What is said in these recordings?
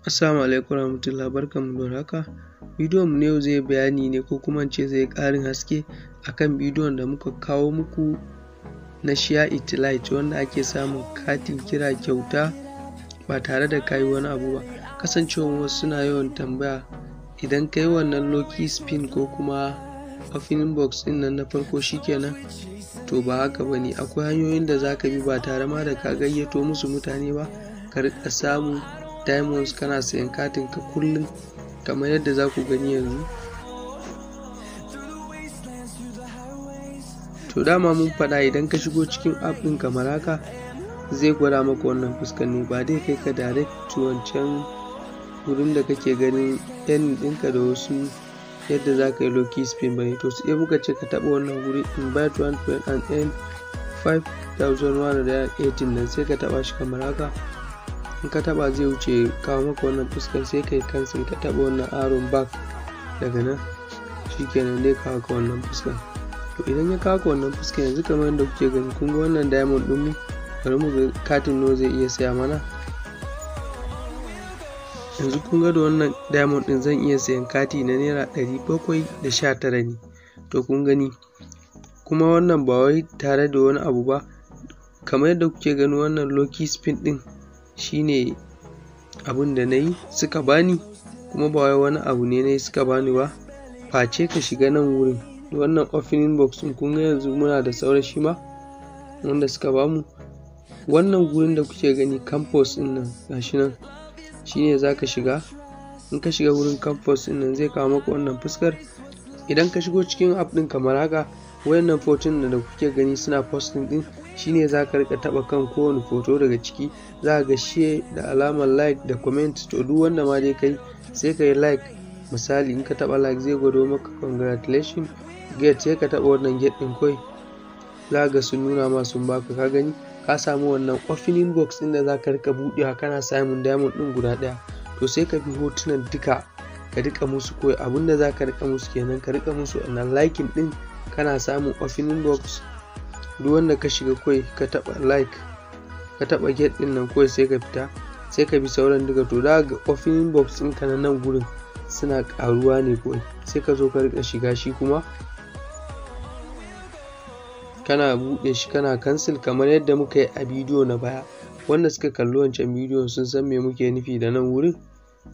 Assalamu alaikum warahmatullah barkanmu da warhaka mu na yau zai bayani ne ko kuma ce zai ƙarin haske a kan bidiyon da muka kawo muku na share it wanda ake samun katin kira kyauta ba tare da ka wani abu ba kasancewar wasu suna yawan tambaya idan ka yi wannan loki spin ko kuma opening box ɗin nan na farko shikenan to ba haka ba ne akwai hanyoyin da za ka bi ba tare ma da ka gayyato musu mutane ba ka riƙa samu. diamonds kana sayan katin ka kullum kamar yadda za ku gani yanzu to dama mun faɗa idan ka shigo cikin app ɗin kamar zai gwada maka wannan fuskanni ba dai kai ka direct to wancan wurin da kake ganin yan ɗinka da wasu yadda za ka yi loki spin bane to sai muka ce ka taɓa wannan wuri invite one friend and earn 5118 nan sai ka taɓa shi kamar haka in ka taba zai wuce kawo maka wannan fuskar sai kai kansa in ka taba wannan aron back daga nan shikenan dai kawo ka wannan fuskar to idan ya kawo ka wannan fuskar yanzu kamar yadda kuke gani kun ga wannan diamond din mu bari mu ga katin no zai iya saya mana yanzu kun ga da wannan diamond din zan iya sayan kati na naira ɗari bakwai da sha tara ne to kun gani kuma wannan ba wai tare da wani abu ba kamar yadda kuke gani wannan loki spin din shine abin da na yi suka bani kuma ba wai wani abu ne na yi suka bani ba face ka shiga nan wurin wannan opening box kun ga yanzu muna da sauran shi ma wanda suka bamu wannan gurin da kuke gani campus din nan gashi nan shine za ka shiga in ka shiga wurin campus din nan zai kawo maka wannan fuskar idan ka shigo cikin app din kamar haka wayannan 14 da kuke gani suna posting din shine za ka rika taba kan kowane foto daga ciki za ga she da alamar like da comment to duk wanda ma dai kai sai ka yi like misali in ka taba like zai gwado maka congratulation get sai ka taba wannan get din kai za ga sun nuna ma sun baka ka gani ka samu wannan opening box din da za ka rika buɗewa kana samun diamond din guda ɗaya to sai ka bi hotunan duka ka rika musu koyi abinda za ka rika musu kenan ka rika musu wannan liking din kana samun opening box duk wanda ka shiga kawai ka taba like ka taba get din nan kawai sai ka fita sai ka bi sauran duka to da ga ofin box ɗinka na nan gurin suna karuwa ne kawai sai ka zo ka rika shiga shi kuma kana buɗe shi kana cancel kamar yadda muka yi a bidiyo na baya wanda suka kalli wancan bidiyon sun san me muke nufi da nan wurin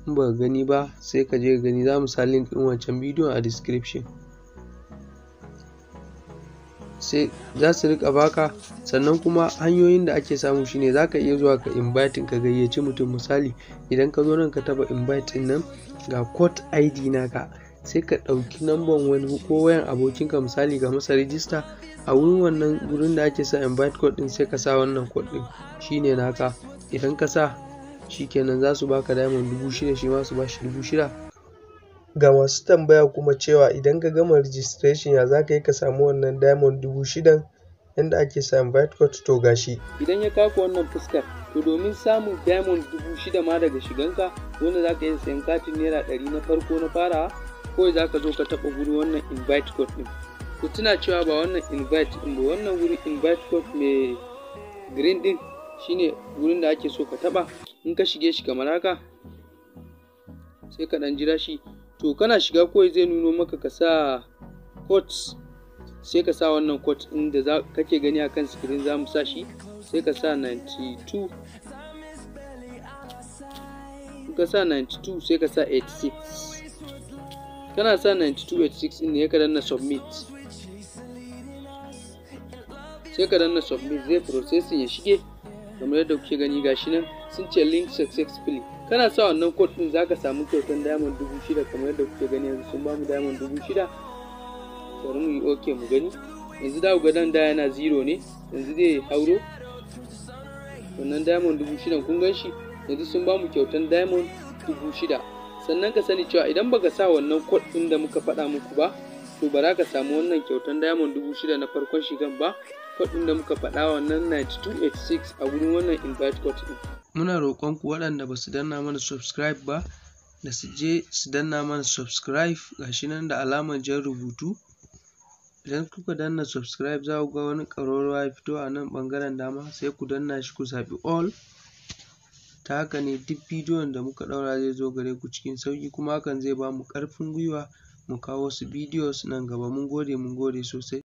in ba gani ba sai ka je gani za mu sa link ɗin wancan bidiyon a description sai za su rika baka sannan kuma hanyoyin da ake samu shine za ka iya zuwa ka invite ka gayyaci mutum misali idan ka zo nan ka taba invite din nan ga court id naka sai ka ɗauki namban wani ko wayan abokinka misali ga masa register a wurin wannan wurin da ake sa invite code din sai ka sa wannan code din shine naka idan ka sa shikenan za su baka diamond dubu shida shi ma su ba shi dubu shida ga masu tambaya kuma cewa idan ka gama registration ya za ka yi ka samu wannan diamond dubu shidan yadda ake sa invite code to gashi. Idan ya kaku wannan fuskar to domin samun diamond dubu shida ma daga shiganka wanda za ka yi sayan katin naira ɗari na farko na farawa kawai za ka zo ka taɓa guri wannan invite code ɗin. Ku tuna cewa ba wannan invite ɗin ba wannan wurin invite code mai green ɗin shine wurin da ake so ka taɓa in ka shige shi kamar haka sai ka ɗan jira shi to kana shiga kawai zai nuno maka ka sa kot sai ka sa wannan kot ɗin da kake gani a kan screen za mu sa shi sai ka sa 92 ka sa 92 sai ka sa 86 kana sa 9286 ɗin ne ya ka na submit sai ka danna submit zai processing ya shige kamar yadda kuke gani gashi nan sun ce link successfully kana sa wannan code din zaka samu kyautan diamond dubu shida kamar yadda kuke gani yanzu sun bamu diamond dubu shida bari mu yi ok mu gani yanzu da ga dan da yana zero ne yanzu zai hauro wannan diamond dubu shida kun gan shi yanzu sun bamu kyautan diamond dubu shida sannan ka sani cewa idan baka sa wannan code din da muka faɗa muku ba to ba za ka samu wannan kyautan diamond dubu shida na farkon shigan ba code da muka faɗa wannan 9286 a wurin wannan invite code din. Muna roƙon ku waɗanda ba su danna mana subscribe ba da su je su danna mana subscribe gashi nan da alamar jan rubutu. Idan kuka danna subscribe za ku ga wani ƙararrawa ya fito a nan ɓangaren dama sai ku danna shi ku zaɓi all. Ta haka ne duk bidiyon da muka ɗaura zai zo gare ku cikin sauƙi kuma hakan zai ba mu ƙarfin gwiwa mu kawo wasu bidiyos nan gaba. Mun gode mun gode sosai.